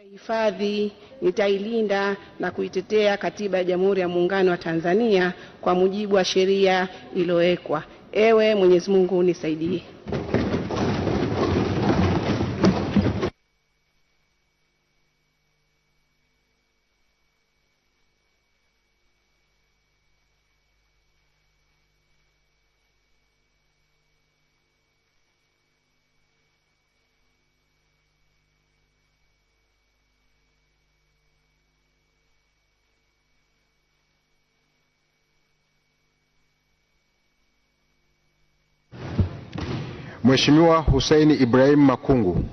Nitahifadhi, nitailinda na kuitetea Katiba ya Jamhuri ya Muungano wa Tanzania kwa mujibu wa sheria iliyowekwa. Ewe Mwenyezi Mungu nisaidie. Mheshimiwa Hussein Ibrahim Makungu.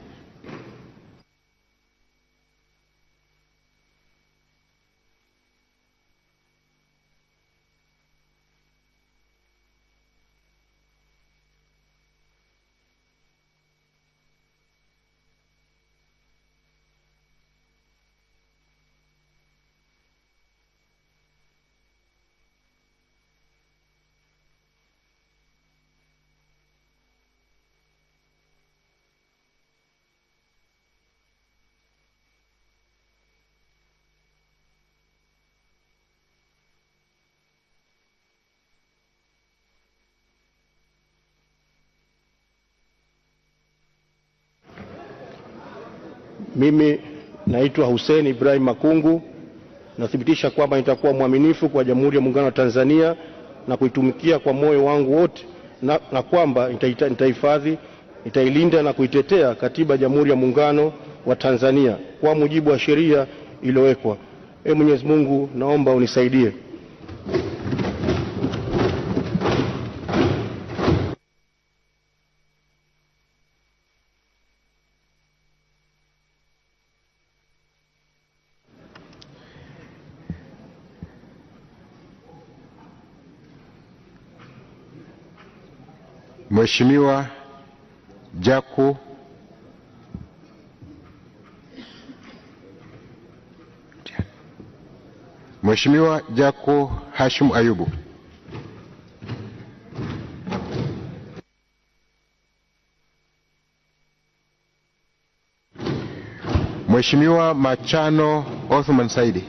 Mimi naitwa Hussein Ibrahim Makungu, nathibitisha kwamba nitakuwa mwaminifu kwa Jamhuri ya Muungano wa Tanzania na kuitumikia kwa moyo wangu wote na, na kwamba nitahifadhi, nitailinda na kuitetea Katiba ya Jamhuri ya Muungano wa Tanzania kwa mujibu wa sheria iliyowekwa. Ee Mwenyezi Mungu, naomba unisaidie. Mheshimiwa Jaku Mheshimiwa Jaku Hashim Ayubu Mheshimiwa Machano Othman Saidi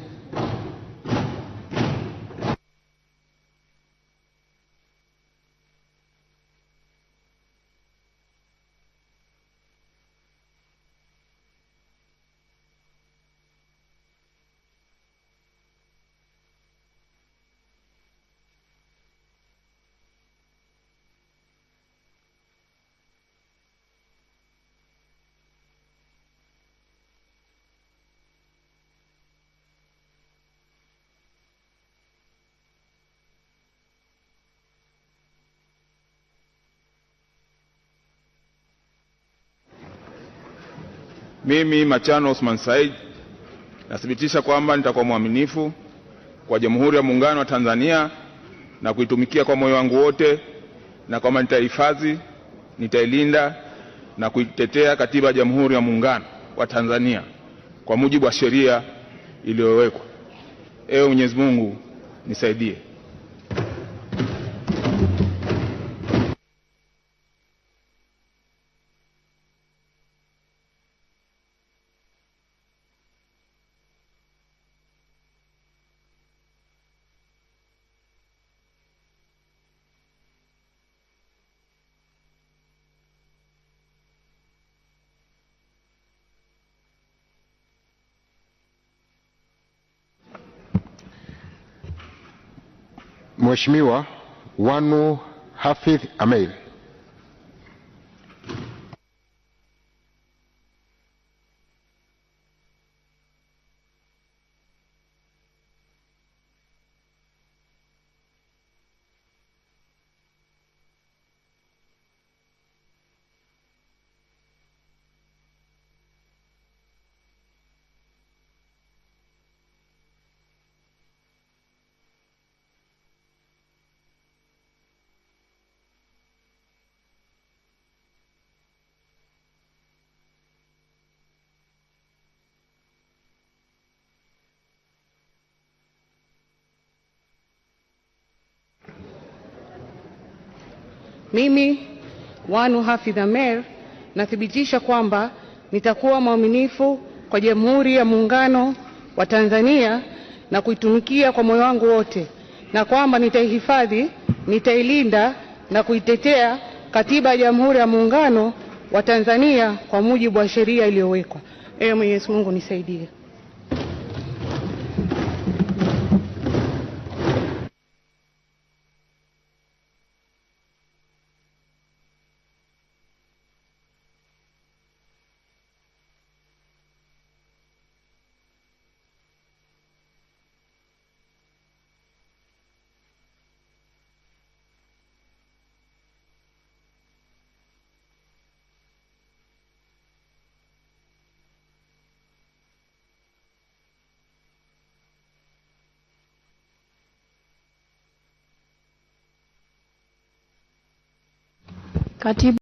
Mimi Machano osman Said nathibitisha kwamba nitakuwa mwaminifu kwa Jamhuri ya Muungano wa Tanzania na kuitumikia kwa moyo wangu wote, na kwamba nitahifadhi, nitailinda na kuitetea Katiba ya Jamhuri ya Muungano wa Tanzania kwa mujibu wa sheria iliyowekwa. Ewe Mwenyezi Mungu nisaidie. Mheshimiwa Wanu Hafidh Ameir. Mimi Wanu Hafidh mer nathibitisha kwamba nitakuwa mwaminifu kwa Jamhuri ya Muungano wa Tanzania na kuitumikia kwa moyo wangu wote na kwamba nitaihifadhi, nitailinda na kuitetea Katiba ya Jamhuri ya Muungano wa Tanzania kwa mujibu wa sheria iliyowekwa. Ee Mwenyezi Mungu nisaidie. কাটি